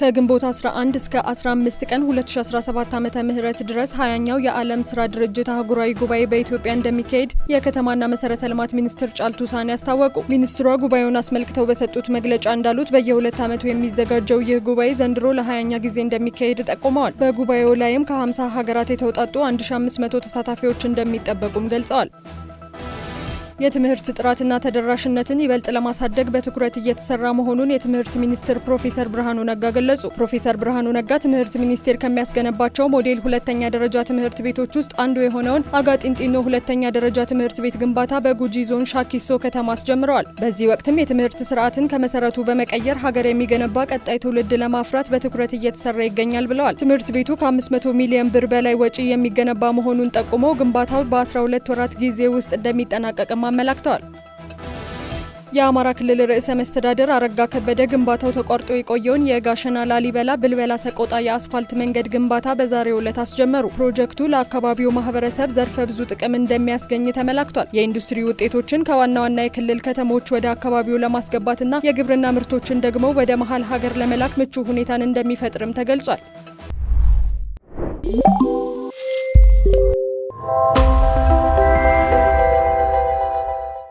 ከግንቦት 11 እስከ 15 ቀን 2017 ዓ ም ድረስ 20ኛው የዓለም ስራ ድርጅት አህጉራዊ ጉባኤ በኢትዮጵያ እንደሚካሄድ የከተማና መሰረተ ልማት ሚኒስትር ጫልቱ ሳኒ አስታወቁ። ሚኒስትሯ ጉባኤውን አስመልክተው በሰጡት መግለጫ እንዳሉት በየሁለት ዓመቱ የሚዘጋጀው ይህ ጉባኤ ዘንድሮ ለ20ኛ ጊዜ እንደሚካሄድ ጠቁመዋል። በጉባኤው ላይም ከ50 ሀገራት የተውጣጡ 1500 ተሳታፊዎች እንደሚጠበቁም ገልጸዋል። የትምህርት ጥራትና ተደራሽነትን ይበልጥ ለማሳደግ በትኩረት እየተሰራ መሆኑን የትምህርት ሚኒስትር ፕሮፌሰር ብርሃኑ ነጋ ገለጹ። ፕሮፌሰር ብርሃኑ ነጋ ትምህርት ሚኒስቴር ከሚያስገነባቸው ሞዴል ሁለተኛ ደረጃ ትምህርት ቤቶች ውስጥ አንዱ የሆነውን አጋጢንጢኖ ሁለተኛ ደረጃ ትምህርት ቤት ግንባታ በጉጂ ዞን ሻኪሶ ከተማ አስጀምረዋል። በዚህ ወቅትም የትምህርት ስርዓትን ከመሰረቱ በመቀየር ሀገር የሚገነባ ቀጣይ ትውልድ ለማፍራት በትኩረት እየተሰራ ይገኛል ብለዋል። ትምህርት ቤቱ ከ500 ሚሊዮን ብር በላይ ወጪ የሚገነባ መሆኑን ጠቁመው ግንባታው በ12 ወራት ጊዜ ውስጥ እንደሚጠናቀቅም አመላክተዋል። የአማራ ክልል ርዕሰ መስተዳደር አረጋ ከበደ ግንባታው ተቋርጦ የቆየውን የጋሸና ላሊበላ ብልበላ ሰቆጣ የአስፋልት መንገድ ግንባታ በዛሬው ዕለት አስጀመሩ። ፕሮጀክቱ ለአካባቢው ማህበረሰብ ዘርፈ ብዙ ጥቅም እንደሚያስገኝ ተመላክቷል። የኢንዱስትሪ ውጤቶችን ከዋና ዋና የክልል ከተሞች ወደ አካባቢው ለማስገባትና የግብርና ምርቶችን ደግሞ ወደ መሀል ሀገር ለመላክ ምቹ ሁኔታን እንደሚፈጥርም ተገልጿል።